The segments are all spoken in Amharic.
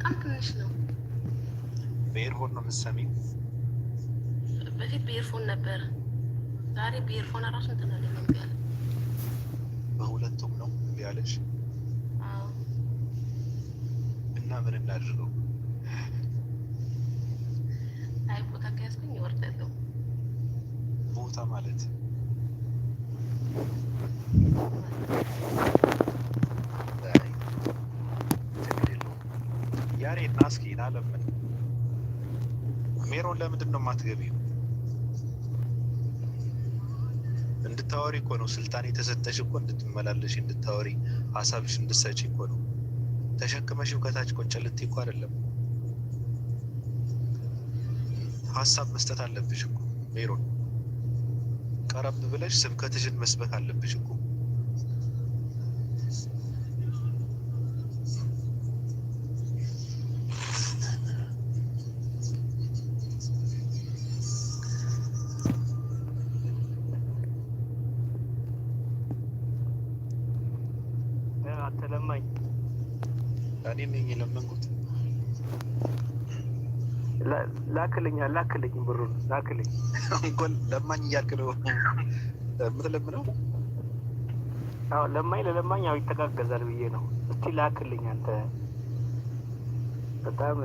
በጣም ትንሽ ነው። በኤርፎን ነው የምትሰሚው? በፊት በኤርፎን ነበር፣ ዛሬ በኤርፎን እራሱ እንትን አለ ነው ያለ። በሁለቱም ነው ያለሽ? እና ምን እናድርገው? ናስኪና ለምን ሜሮን ለምንድን ነው የማትገቢው? እንድታወሪ እኮ ነው ስልጣን የተሰጠሽ እኮ እንድትመላለሽ እንድታወሪ ሀሳብሽ እንድትሰጪ እኮ ነው። ተሸክመሽው ከታች ቁጭ ልትይ እኮ አይደለም። ሀሳብ መስጠት አለብሽ እኮ ሜሮን። ቀረብ ብለሽ ስብከትሽን መስበክ አለብሽ እኮ ላክልኝ አላክልኝ ብሩ ላክልኝ። እንኳን ለማኝ እያልክ ነው የምትለምነው? አዎ ለማኝ ለለማኝ ያው ይተጋገዛል ብዬ ነው። እስቲ ላክልኝ አንተ በጣም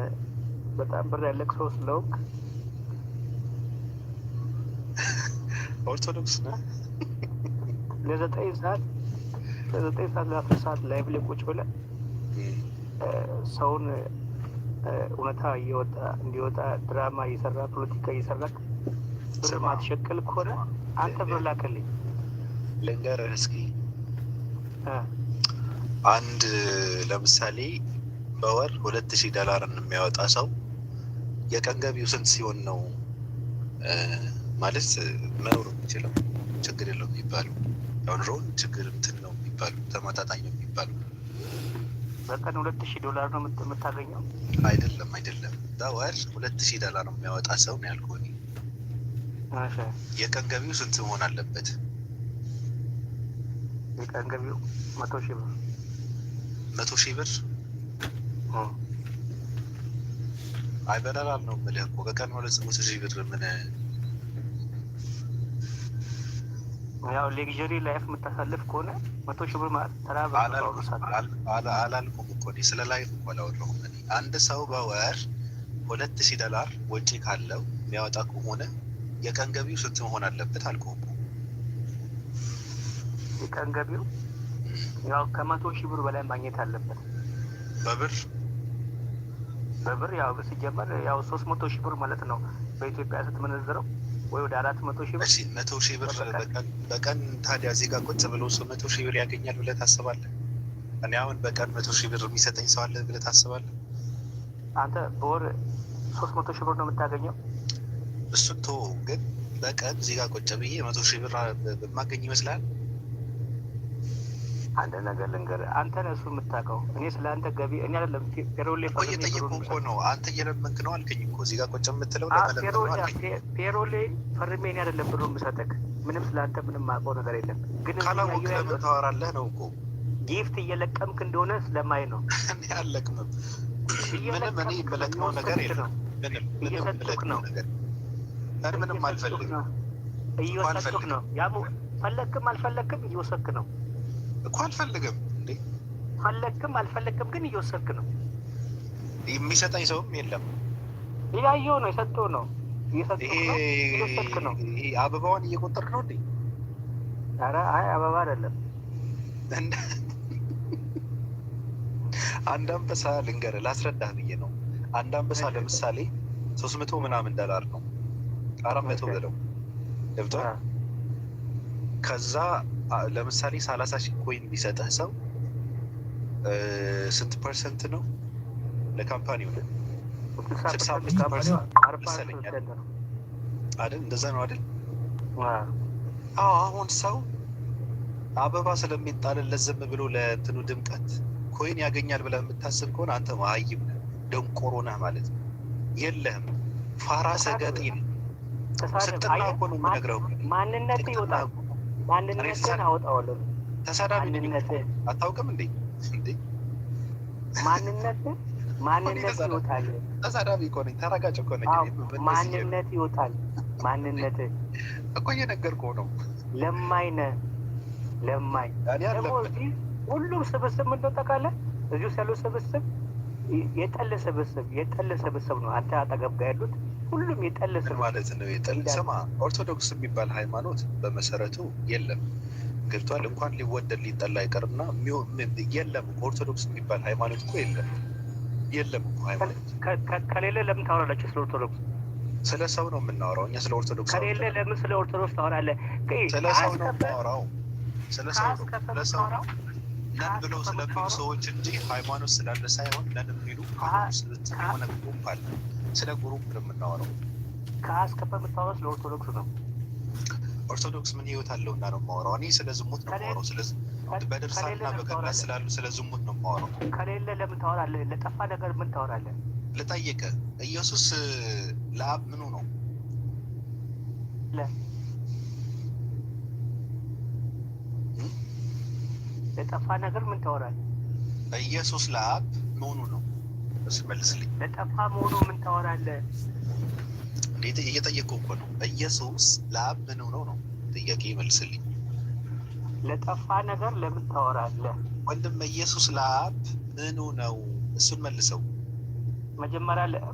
በጣም ብር ያለቅ ሰው ስለውቅ ኦርቶዶክስ ነ ለዘጠኝ ሰዓት ለዘጠኝ ሰዓት ለአስር ሰዓት ላይ ብለህ ቁጭ ብለህ ሰውን እውነታ እየወጣ እንዲወጣ ድራማ እየሰራ ፖለቲካ እየሰራ ብር ማትሸቅል ከሆነ አንተ ብር ላከልኝ ልንገርህ እስኪ አንድ ለምሳሌ በወር ሁለት ሺህ ዶላርን የሚያወጣ ሰው የቀን ገቢው ስንት ሲሆን ነው ማለት መኖር የሚችለው? ችግር የለው የሚባሉ ያው ኑሮውን ችግር እንትን ነው የሚባሉ ተመጣጣኝ ነው የሚባሉ በቀን ሁለት ሺህ ዶላር ነው የምታገኘው። አይደለም አይደለም፣ በወር ሁለት ሺህ ዶላር ነው የሚያወጣ ሰው ነው ያልኩህ። የቀን ገቢው ስንት መሆን አለበት? የቀን ገቢው መቶ ሺህ ብር። መቶ ሺህ ብር አይ ነው የምልህ እኮ ከቀን ሁለት መቶ ሺህ ብር ምን ያው ሌግዥሪ ላይፍ የምታሳልፍ ከሆነ መቶ ሺህ ብር አላልኩም እኮ እኔ ስለ ላይፍ እኮ አላወራሁም። አንድ ሰው በወር ሁለት ሺህ ዶላር ወጪ ካለው የሚያወጣ ከሆነ የቀን ገቢው ስንት መሆን አለበት አልኩህ እኮ። የቀን ገቢው ያው ከመቶ ሺህ ብር በላይ ማግኘት አለበት በብር በብር ያው ሲጀመር ያው ሶስት መቶ ሺህ ብር ማለት ነው በኢትዮጵያ ስትመነዝረው ወይ ወደ አራት መቶ ሺህ ብር መቶ ሺህ ብር በቀን ታዲያ ዜጋ ቁጭ ብሎ ሰው መቶ ሺህ ብር ያገኛል ብለህ ታስባለህ? እኔ አሁን በቀን መቶ ሺህ ብር የሚሰጠኝ ሰው አለ ብለህ ታስባለህ? አንተ በወር ሶስት መቶ ሺህ ብር ነው የምታገኘው። እሱን ቶ ግን በቀን ዜጋ ቁጭ ብዬ መቶ ሺህ ብር የማገኝ ይመስላል? አንድ ነገር ልንገር፣ አንተ ነህ እሱ የምታውቀው። እኔ ስለ አንተ ገቢ እኔ አይደለም ፔሮል እየጠየቁህ እኮ ነው። አንተ እየለመንክ ነው አልከኝ እኮ እዚህ ጋር ቁጭ የምትለው ፔሮል ፈርሜ እኔ አይደለም ብሎ የምሰጠህ። ምንም ስለ አንተ ምንም የማውቀው ነገር የለም። ግን ካላወቅህ ለምን ታወራለህ ነው እኮ። ጊፍት እየለቀምክ እንደሆነ ስለማይ ነው። እኔ አልለቅምም። ምንም እኔ የምለቅመው ነገር የለም። ምንም እየሰጡህ ነው። ምንም አልፈልግም። እየወሰጡህ ነው። ያሙ ፈለግክም አልፈለግክም እየወሰድክ ነው እኮ አልፈልግም እንዴ? ፈለግክም አልፈለግክም ግን እየወሰድክ ነው። የሚሰጠኝ ሰውም የለም። እያየሁ ነው። የሰጠው ነው እየሰጠው ነው። አበባዋን እየቆጠር ነው እንዴ? ኧረ አይ አበባ አይደለም። አንድ አንበሳ ልንገርህ፣ ላስረዳህ ብዬ ነው። አንድ አንበሳ ለምሳሌ ሶስት መቶ ምናምን ዶላር ነው አራት መቶ ብለው ገብቷል። ከዛ ለምሳሌ ሰላሳ ሺህ ኮይን የሚሰጥህ ሰው ስንት ፐርሰንት ነው ለካምፓኒው? ስልሳ አምስት ፐርሰንት መሰለኝ አይደል? እንደዛ ነው አይደል? አዎ። አሁን ሰው አበባ ስለሚጣልለት ዝም ብሎ ለእንትኑ ድምቀት ኮይን ያገኛል ብለህ የምታስብ ከሆነ አንተ መሀይም ነህ፣ ደንቆሮ ነህ ማለት ነው። የለህም፣ ፋራ ሰገጤ ነው። ስልጥና እኮ ነው የምነግረው ማንነት ይወጣል ማንነትን አወጣዋለሁ። ተሳዳቢ አታውቅም እንዴ? ማንነት ማንነት ይወጣል። ተሳዳቢ እኮ ነኝ። ተረጋጭ እኮ ነኝ። ማንነት ይወጣል። ማንነት እኮ እየነገርኩህ ነው። ለማኝ ነህ። ለማኝ ሁሉም ስብስብ ምን ታውቃለህ? እዚህ ውስጥ ያለው ስብስብ የጠለ ስብስብ የጠለ ስብስብ ነው። አንተ አጠገብ ጋር ያሉት ሁሉም የጠል ስም ማለት ነው። የጠል ስማ ኦርቶዶክስ የሚባል ሃይማኖት በመሰረቱ የለም። ገብቷል። እንኳን ሊወደድ ሊጠላ አይቀርና የለም። ኦርቶዶክስ የሚባል ሃይማኖት እኮ የለም። የለም እኮ ሃይማኖት ከሌለ ለምን ታወራላችሁ ስለ ኦርቶዶክስ? ስለ ሰው ነው የምናወራው እኛ ስለ ኦርቶዶክስ ከሌለ ለምን ስለ ኦርቶዶክስ ታወራለህ? ስለ ሰው ነው የምናወራው። ስለ ሰው ነው ለሰው ነን ብለው ስለሚሉ ሰዎች እንጂ ሃይማኖት ስላለ ሳይሆን ነን የሚሉ ሆነ አለ ስለ ግሩፕ ነው የምናወራው። ከአስከበ የምታወራው ስለ ኦርቶዶክስ ነው። ኦርቶዶክስ ምን ህይወት እና ነው የማወራው። እኔ ስለ ዝሙት ነው የማወራው። በድርሳንና በገድላት ስላሉ ስለ ዝሙት ነው የማወራው። ከሌለ ለምን ታወራለህ? ለጠፋ ነገር ምን ታወራለህ? ለጠየቀ ኢየሱስ ለአብ ምኑ ነው? ለጠፋ ነገር ምን ታወራለህ? ኢየሱስ ለአብ ምኑ ነው? መልስልኝ። ለጠፋ መሆኑ ምን ታወራለህ? እየጠየቀው እኮ ነው። ኢየሱስ ለአብ ምን ሆነው ነው? ጥያቄ ለጠፋ ነገር ለምን ታወራለህ? ወንድም ኢየሱስ ለአብ ምኑ ነው? እሱን መልሰው።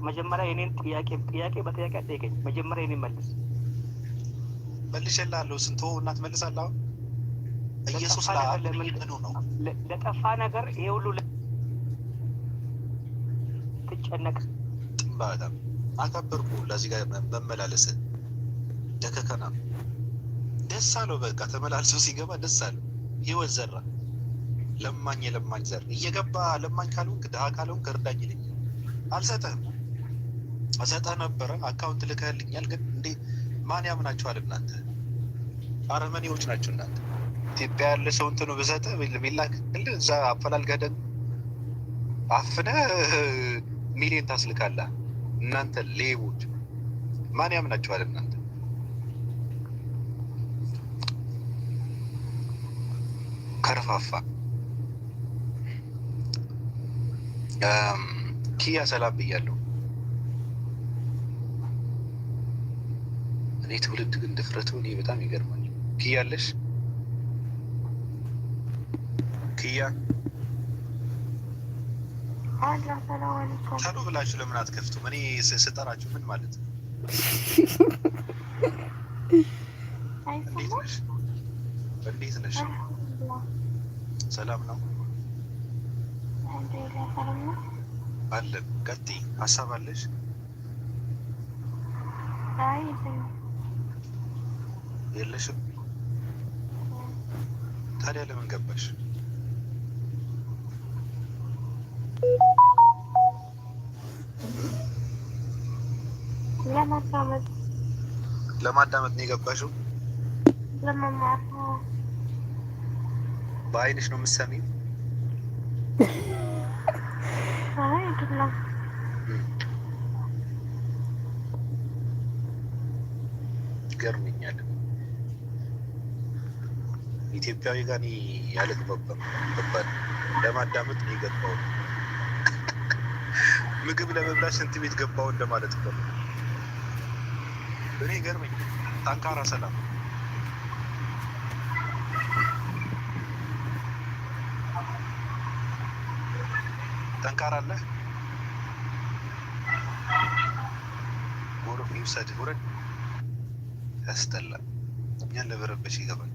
መጀመሪያ የኔን ጥያቄ ጥያቄ በጥያቄ አጠይቀኝ። መጀመሪያ የኔን መልስ። መልሼልሃለሁ። ስንቶ እና ትመልሳለህ? ኢየሱስ ለአብ ምኑ ነው? ለጠፋ ነገር ይሄ ሁሉ አትጨነቅ። በጣም አከበርኩ። ለዚህ ጋር መመላለስ ደከከና ደስ አለው። በቃ ተመላልሶ ሲገባ ደስ አለው። ህይወት ዘራ ለማኝ የለማኝ ዘር እየገባ ለማኝ ካልሆንክ ድሀ ካልሆንክ እርዳኝ ይለኛል። አልሰጠህም። እሰጠህ ነበረ አካውንት ልከህልኛል። ግን እንዴ ማን ያምናችኋል? እናንተ አረመኔዎች ናቸው እናንተ። ኢትዮጵያ ያለ ሰው እንትኑ ብሰጠህ ሚላክ እዛ አፈላልገህ ደግሞ አፍነህ ሚሊዮን ታስልካላ። እናንተ ሌቦች ማን ያምናችኋል? እናንተ ከርፋፋ ኪያ ሰላም ብያለሁ። እኔ ትውልድ ግን ድፍረቱ እኔ በጣም ይገርማል። ኪያለሽ ኪያ ሄሎ ብላችሁ ለምን አትከፍቱም? እኔ ስጠራችሁ ምን ማለት ነው? እንዴት ነሽ? ሰላም ነው አለን። ቀጥይ፣ ሀሳብ አለሽ? የለሽም? ታዲያ ለምን ገባሽ? ለማዳመጥ ለማዳመጥ ነው የገባሽው? ለመማር በአይንሽ ነው የምትሰሚው? አይ አይደለም። ይገርመኛል። ኢትዮጵያዊ ጋር ያልግባባ ለማዳመጥ ነው የገባው። ምግብ ለመብላት ሽንት ቤት ገባው እንደማለት ነው። እኔ ይገርመኝ ጠንካራ ሰላም ጠንካራ አለ ጎረፍ ይውሰድ ውረድ ያስጠላ እኛን ለበረበሽ ይገባል።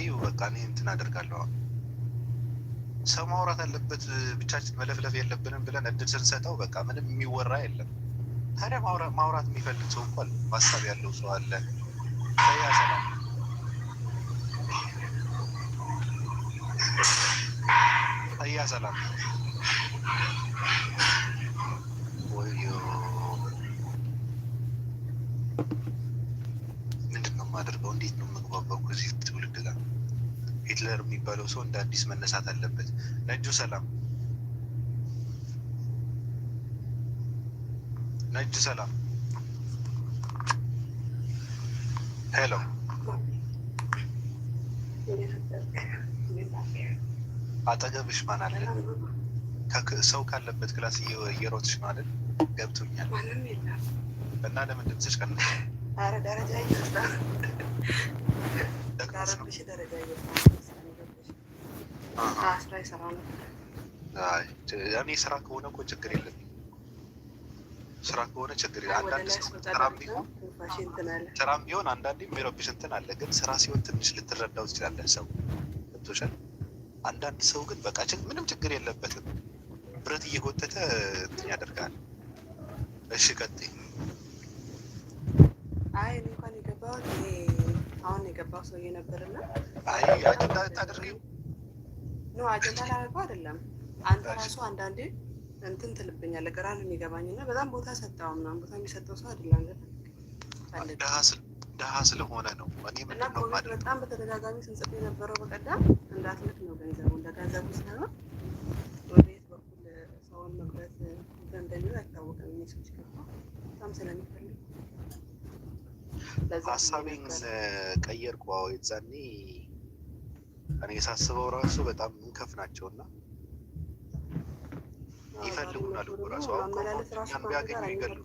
ይህ በቃ እኔ እንትን አደርጋለሁ። ሰው ማውራት አለበት ብቻችን መለፍለፍ የለብንም ብለን እድል ስንሰጠው በቃ ምንም የሚወራ የለም። ታዲያ ማውራት የሚፈልግ ሰው እንኳን ማሰብ ያለው ሰው አለ። ሰላም ጠያ ምንድን ነው የማደርገው? እንዴት ነው የምግባባው ከዚህ ትውልድ ጋር? ሂትለር የሚባለው ሰው እንደ አዲስ መነሳት አለበት። ነጁ ሰላም እጅ ሰላም ሄሎ አጠገብሽ ማን አለ? ሰው ካለበት ክላስ እየሮጥሽ ነው አይደል? ገብቶኛል። እና ለምን ድምፅሽ ቀን እኔ ስራ ከሆነ እኮ ችግር የለም። ስራ ከሆነ ችግር አንዳንድ ስራም ቢሆን አንዳንድ የሚረብሽ እንትን አለ። ግን ስራ ሲሆን ትንሽ ልትረዳው ትችላለህ። ሰው ገብቶሻል። አንዳንድ ሰው ግን በቃ ምንም ችግር የለበትም። ብረት እየጎተተ እንትን ያደርጋል። እሺ ቀጥይ። አይ እንኳን የገባሁት አሁን የገባው ሰውዬ ነበርና አይ አጀንዳ ልታደርጊው ነው። አጀንዳ ላደርገው አይደለም። አንተ ራሱ አንዳንዴ እንትን ትልብኛለ ግራ ነው የሚገባኝ እና በጣም ቦታ ሰጠው ምናምን ቦታ የሚሰጠው ሰው አይደለም። ደሀ ስለሆነ ነው። እና ኮሜንት በጣም በተደጋጋሚ ስንጽፍ የነበረው በቀደም እንዳትልክ ነው ገንዘቡ እንደ ገንዘቡ ሳይሆን ወደየት በኩል ሰውን መጉዳት እንደሚል አይታወቅም። ሚሶች ገባ በጣም ስለሚፈልግ ሀሳቤን ቀየርኩ። የዛኔ እኔ ሳስበው ራሱ በጣም እንከፍ ናቸውና ይፈልጉናል እኮ ራሱ አሁን እኛን ቢያገኙ ይገሉ።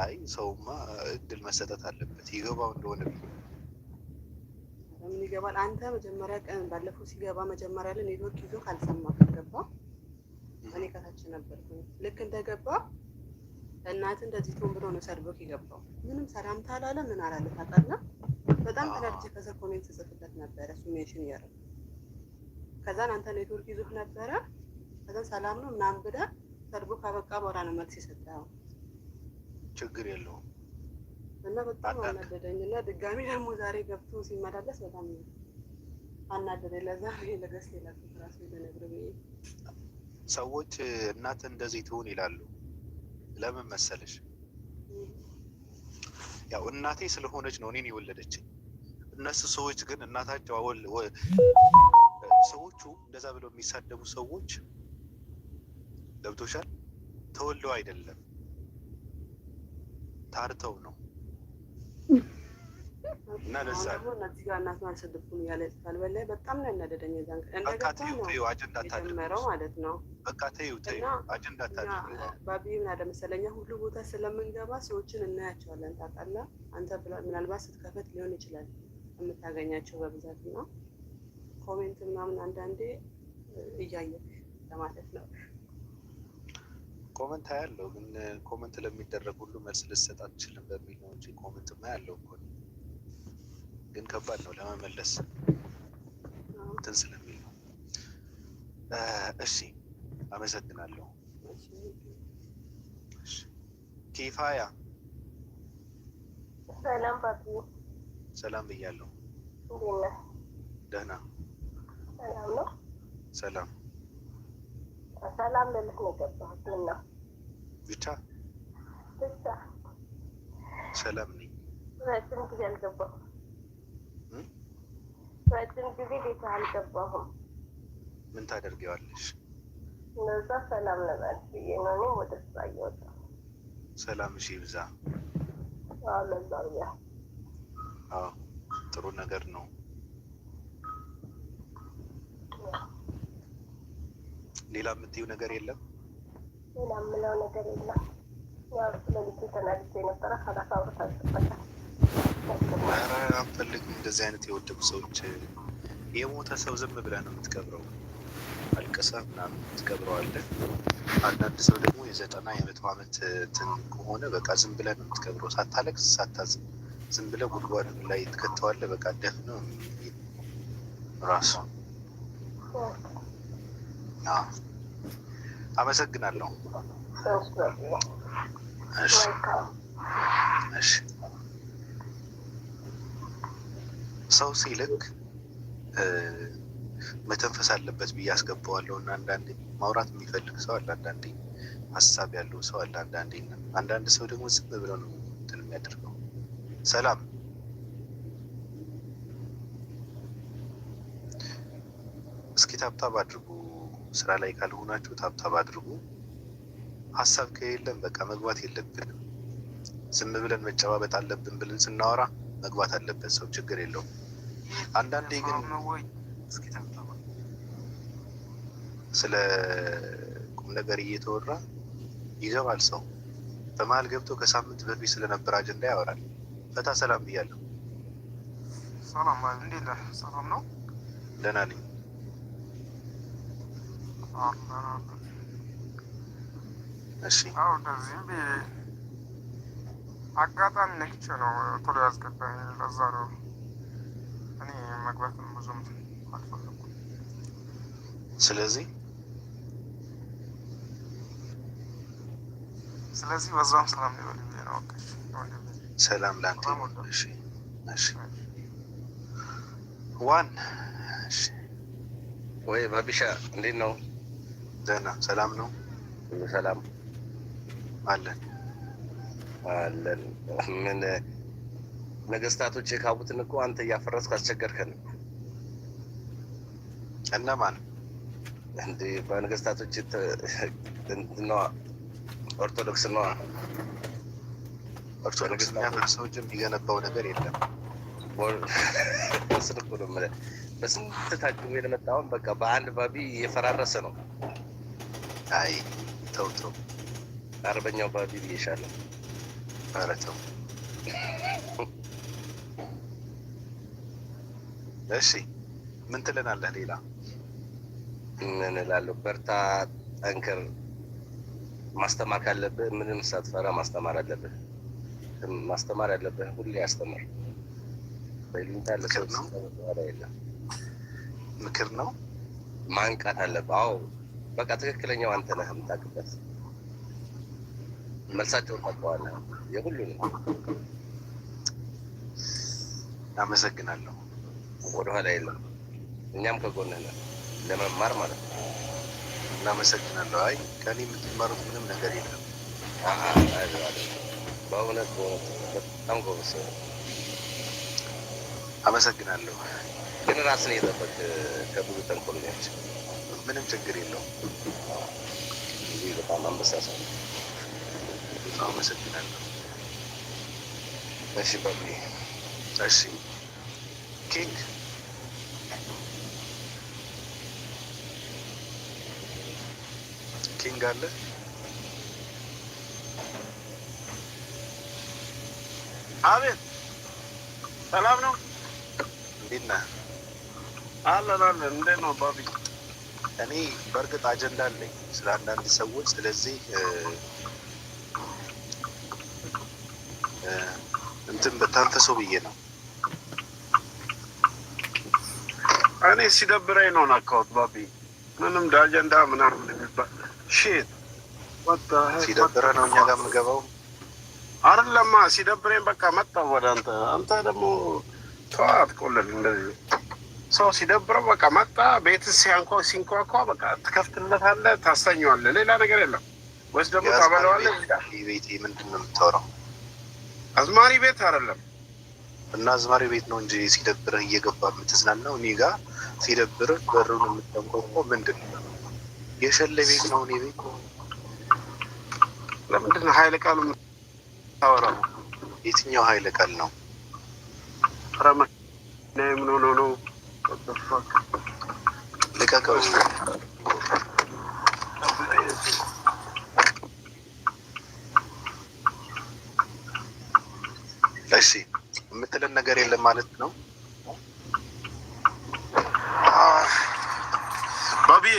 አይ ሰውማ እድል መሰጠት አለበት ይገባው እንደሆነ ምን ይገባል። አንተ መጀመሪያ ቀን ባለፈው ሲገባ መጀመሪያ ላይ ኔትወርክ ይዞ ካልሰማ ከገባ እኔ ከታች ነበርኩኝ። ልክ እንደገባ እናት እንደዚህ ቶም ብሎ ነው ሰርቦክ የገባው። ምንም ሰላምታ አላለ ምን አላለ ታውቃለህ። በጣም ተናድጄ ከዛ ኮሜንት ጽፍለት ነበረ ሱሜሽን ያደረግ ከዛን አንተ ኔትወርክ ይዞህ ነበረ። ከዛን ሰላም ነው ምናምን ብለህ ሰርጉ ካበቃ በኋላ ነው መልስ የሰጠው። ችግር የለውም እና በጣም አናደደኝ እና ድጋሚ ደግሞ ዛሬ ገብቶ ሲመላለስ በጣም አናደደኝ። ለዛ ለገስ ሌላት ራሱ ለነግር ሰዎች እናት እንደዚህ ትሁን ይላሉ። ለምን መሰለሽ? ያው እናቴ ስለሆነች ነው እኔን የወለደችኝ። እነሱ ሰዎች ግን እናታቸው አወል ሰዎቹ እንደዛ ብለው የሚሳደቡ ሰዎች ገብቶሻል፣ ተወልደው አይደለም ታርተው ነው። እና ለዛ በጣም ነው ያናደደኝ። በቃ ተይው ተይው አጀንዳ ታጀምረው ማለት ነው። በቃ ተይው አጀንዳ ታጀምረው ባቢ ምን አለ ሁሉ ቦታ ስለምንገባ ሰዎችን እናያቸዋለን። ታውቃለህ አንተ ምናልባት ስትከፈት ሊሆን ይችላል የምታገኛቸው በብዛት ነው ኮሜንት ምናምን አንዳንዴ እያየሽ ለማለት ነው። ኮመንት አያለው ግን ኮመንት ለሚደረግ ሁሉ መልስ ልሰጥ አትችልም በሚል ነው እንጂ ኮመንት ማ ያለው እኮ ግን ከባድ ነው ለመመለስ እንትን ስለሚል ነው። እሺ አመሰግናለሁ። ኪፋያ ሰላም፣ ሰላም ብያለሁ። ደህና ሰላም ነው። ሰላም ልልህ ነው የገባሁት ብቻ ብቻ ሰላም ነኝ። ረጅም ጊዜ አልገባሁም። ረጅም ጊዜ ቤት አልገባሁም። ምን ታደርጊዋለሽ? እነዛ ሰላም ለማለት ብዬ ነው። ወደ እየወጣሁ ሰላምሽ ይብዛ። አዎ ለዛ ብያ። አዎ ጥሩ ነገር ነው። ሌላ የምትይው ነገር የለም? ሌላ የምለው ነገር የለም። ያው ስለ ልጅ ተናግጄ ነበረ። ከላሳ አውርታ አንፈልግም እንደዚህ አይነት የወደቁ ሰዎች። የሞተ ሰው ዝም ብለህ ነው የምትቀብረው፣ አልቅሰህ ምናምን የምትቀብረዋለህ። አንዳንድ ሰው ደግሞ የዘጠና የመቶ ዓመት እንትን ከሆነ በቃ ዝም ብለህ ነው የምትቀብረው፣ ሳታለቅስ ሳታዝም ዝም ብለህ ጉድጓድ ላይ ትከተዋለህ። በቃ ደፍ ነው ራሱ አመሰግናለሁ። ሰው ሲልክ መተንፈስ አለበት ብዬ አስገባዋለሁ። እና አንዳንዴ ማውራት የሚፈልግ ሰው አለ፣ አንዳንዴ ሀሳብ ያለው ሰው አለ፣ አንዳንዴ አንዳንድ ሰው ደግሞ ዝም ብለው ነው እንትን የሚያደርገው። ሰላም እስኪ ታብታብ አድርጉ። ስራ ላይ ካልሆናችሁ ታብታብ አድርጉ። ሀሳብ ከሌለን በቃ መግባት የለብንም። ዝም ብለን መጨባበጥ አለብን ብለን ስናወራ መግባት አለበት ሰው፣ ችግር የለውም። አንዳንዴ ግን ስለ ቁም ነገር እየተወራ ይገባል ሰው በመሀል ገብቶ ከሳምንት በፊት ስለነበረ አጀንዳ ያወራል። ፈታ ሰላም ብያለሁ። ሰላም እንዴት ሰላም ነው። ደህና ነኝ። እንደዚህም አጋጣሚ ነክቼ ነው ቶሎ ያስገባኝ። ለዛ ነው እኔ መግባትም ብዙም አልፈለኩም። ስለዚህ ስለዚህ በዛም ሰላም ሊበል ነው። ሰላም ላንተ። ዋን ወይ ባቢሻ እንዴት ነው? ደህና ሰላም ነው። ሁሉ ሰላም አለን አለን። ምን ነገስታቶች የካቡትን እኮ አንተ እያፈረስክ አስቸገርከን። እነማን እንደ በነገስታቶች ነው? ኦርቶዶክስ ነው። ኦርቶዶክስ የሚያፈርሰው እንጂ የሚገነባው ነገር የለም። ስልኩ ነው በስንት ታጅቦ የመጣውን በቃ በአንድ ባቢ እየፈራረሰ ነው። አይ ተው ተው፣ አርበኛው ባቢ ብዬሻለሁ። ኧረ ተው እሺ። ምን ትለናለህ? ሌላ ምን እላለሁ? በርታ፣ ጠንክር። ማስተማር ካለብህ ምንም ሳትፈራ ማስተማር አለብህ። ማስተማር ያለብህ ሁሌ ያስተምር። በሊንታ ለሰው ምክር ነው፣ ማንቃት አለብህ። አዎ በቃ ትክክለኛው አንተ ነህ የምታውቅበት። መልሳቸውን የሁሉ ነው። አመሰግናለሁ። ወደኋላ የለም። እኛም ከጎንህ ነን ለመማር ማለት ነው። እናመሰግናለሁ። አይ ከኔ የምትማሩት ምንም ነገር የለም። በእውነት በእውነት በጣም ጎበዝ አመሰግናለሁ። ግን ራስን የጠበቅ ከብዙ ተንኮለኞች ምንም ችግር የለውም። በጣም አመሳሳል። አመሰግናለሁ። እሺ ባቢ፣ እሺ ኪንግ ኪንግ አለ አቤት፣ ሰላም ነው። እንዴት ነህ? አለን አለን። እንዴት ነው ባቢ? እኔ በእርግጥ አጀንዳ አለኝ ስለ አንዳንድ ሰዎች። ስለዚህ እንትን በታንተሰው ብዬ ነው እኔ ሲደብረኝ ነው ናካወት ባቢ ምንም አጀንዳ ምናምን የሚባል ሼት ሲደብረ ነው እኛ ጋር የምገባው አይደለማ። ሲደብረኝ በቃ መጣሁ ወደ አንተ። አንተ ደግሞ ተዋት ቆለል እንደዚህ ሰው ሲደብረው በቃ መጣ ቤት ሲያንኳ ሲንኳኳ በቃ ትከፍትለታለህ፣ ታስተኛዋለህ። ሌላ ነገር የለም። ወይስ ደግሞ ታበለዋለህ። ቤቴ ምንድን ነው የምታወራው? አዝማሪ ቤት አይደለም እና አዝማሪ ቤት ነው እንጂ ሲደብርህ እየገባ የምትዝናናው እኔ ጋ ሲደብርህ በሩን የምታንኳኳ ምንድን ነው? የሸለ ቤት ነው እኔ ቤት። ለምንድን ነው ሀይለ ቃል የምታወራው? የትኛው ሀይለ ቃል ነው? ረመ ምን ሆኖ ነው ልቀቀው። እሺ የምትለን ነገር የለም ማለት ነው። ባቢዬ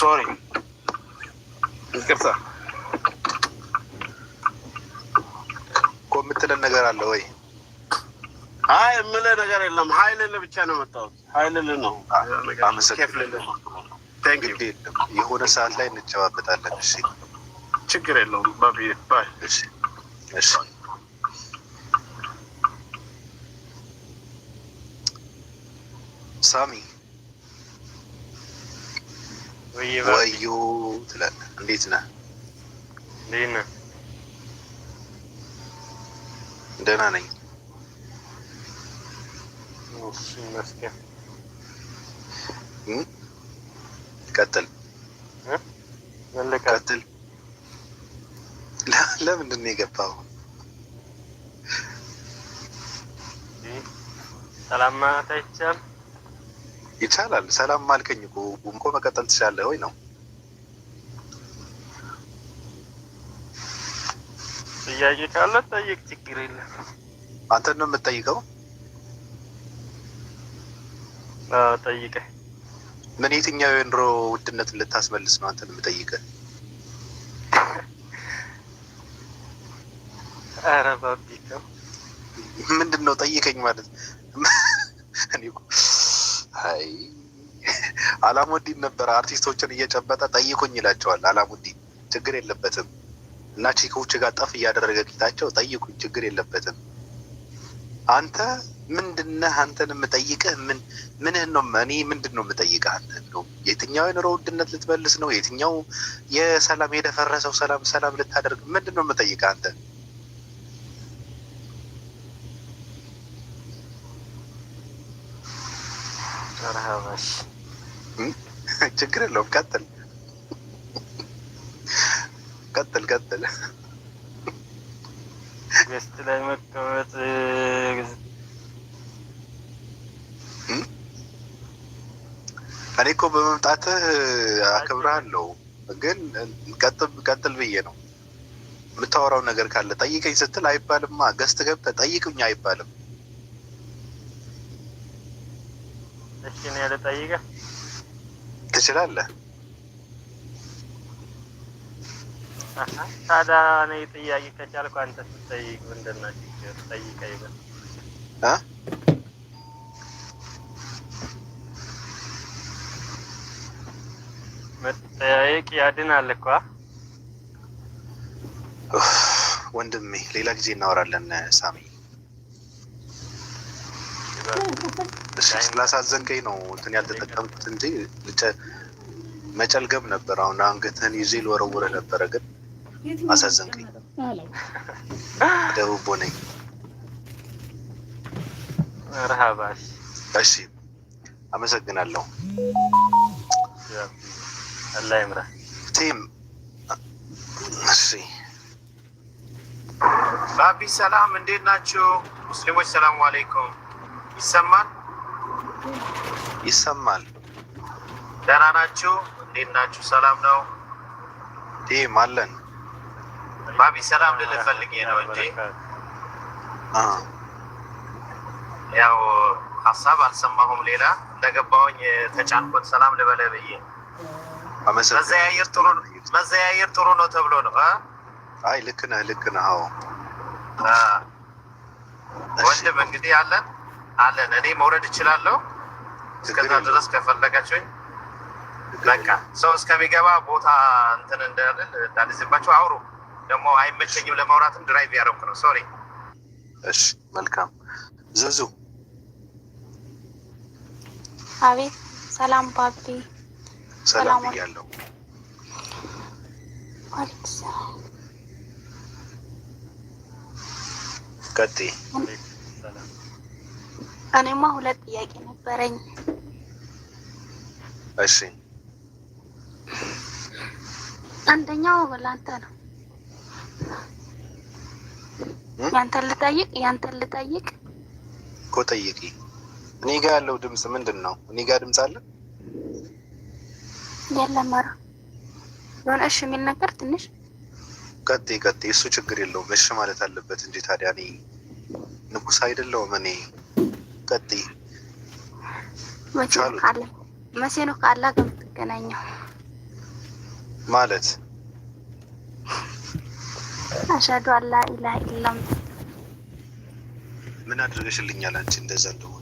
ሶሪ፣ ይቅርታ እኮ የምትለን ነገር አለ ወይ? አይ የምልህ ነገር የለም። ሀይል ብቻ ነው መጣሁት። ሀይል ነው የሆነ ሰዓት ላይ እንጨባበጣለን። እሺ፣ ችግር የለውም። ሳሚ ወዮ ትላለህ። እንዴት ነህ? ደህና ነኝ። ቀጥል ቀጥል። ለምንድን ነው የገባው? ሰላም ማለት ይቻላል። ሰላም ማልከኝ እኮ ጉምቆ መቀጠል ትችላለህ ወይ ነው ጥያቄ ካለ ጠይቅ፣ ችግር የለም። አንተን ነው የምትጠይቀው? ጠይቀ ምን የትኛው የኑሮ ውድነትን ልታስመልስ ነው አንተን ምጠይቀ? ኧረ ባቢ ምንድን ነው ጠይቀኝ ማለት አይ አላሙዲን ነበረ አርቲስቶችን እየጨበጠ ጠይቁኝ ይላቸዋል። አላሙዲን ችግር የለበትም እና ቺኮች ጋር ጠፍ እያደረገ ጌታቸው ጠይቁኝ ችግር የለበትም አንተ ምንድነህ? አንተን የምጠይቅህ ምን ምንህን ነው? እኔ ምንድን ነው የምጠይቅህ? አንተ ነው የትኛው የኑሮ ውድነት ልትመልስ ነው? የትኛው የሰላም የደፈረሰው ሰላም ሰላም ልታደርግ ምንድን ነው የምጠይቅህ አንተ? ችግር የለውም። ቀጥል ቀጥል ቀጥል። ገስት ላይ መቀመጥ እኔ እኮ በመምጣትህ አከብርሃለሁ፣ ግን ቀጥል ብዬ ነው። የምታወራው ነገር ካለ ጠይቀኝ ስትል አይባልማ። ገስት ገብተህ ጠይቅኝ አይባልም። እሺ እኔ ልጠይቅህ ትችላለህ። ታዲያ እኔ ጥያቄ ከቻልኩ አንተ ስትጠይቅ ምንድን ነው ጠይቀኝ መጠያየቅ ያድናል እኮ ወንድሜ። ሌላ ጊዜ እናወራለን ሳሚ። ስላሳዘንከኝ ነው እንትን ያልተጠቀምኩት እንጂ መጨልገም ነበር። አሁን አንገትህን ይዤ ልወረውርህ ነበረ፣ ግን አሳዘንከኝ። ደቡቦ ነኝ። እሺ፣ አመሰግናለሁ። አላህ ይምራህ። ቲም እሺ፣ ባቢ ሰላም፣ እንዴት ናችሁ ሙስሊሞች? ሰላም አለይኩም። ይሰማል ይሰማል። ደህና ናችሁ? እንዴት ናችሁ? ሰላም ነው? ቲም አለን። ባቢ ሰላም ልልህ ፈልጌ ነው እንጂ ያው ሀሳብ አልሰማሁም። ሌላ እንደገባሁኝ ተጫንኮት ሰላም ልበለህ ብዬ መዘያየር ጥሩ ነው ተብሎ ነው። አይ ልክ ነህ፣ ልክ ነህ። አዎ ወንድም እንግዲህ አለን አለን። እኔ መውረድ እችላለሁ። እስከዛ ድረስ ከፈለጋችሁኝ በቃ ሰው እስከሚገባ ቦታ እንትን እንዳልል እንዳልዝባችሁ አውሩ። ደግሞ አይመቸኝም ለማውራትም ድራይቭ ያደረኩ ነው። ሶሪ። እሺ መልካም ዘዙ። አቤት ሰላም ባቢ ሰላም ብያለሁ። ቀጥይ። እኔማ ሁለት ጥያቄ ነበረኝ። እሺ፣ አንደኛው ለአንተ ነው። ያንተን ልጠይቅ ያንተን ልጠይቅ እኮ ጠይቂ። እኔ ጋ ያለው ድምፅ ምንድን ነው? እኔ ጋ ድምፅ አለ የለም ኧረ የሆነ እሺ የሚል ነገር ትንሽ ቀጤ ቀጤ እሱ ችግር የለውም። እሺ ማለት አለበት እንጂ ታዲያ እኔ ንጉስ አይደለውም እኔ ቀጤ መቼ ነው ከአላህ ጋር የምትገናኘው? ማለት አሻዱ አላ ኢላህ ኢላም ምን አድርገሽልኛል አንቺ እንደዛ እንደሆነ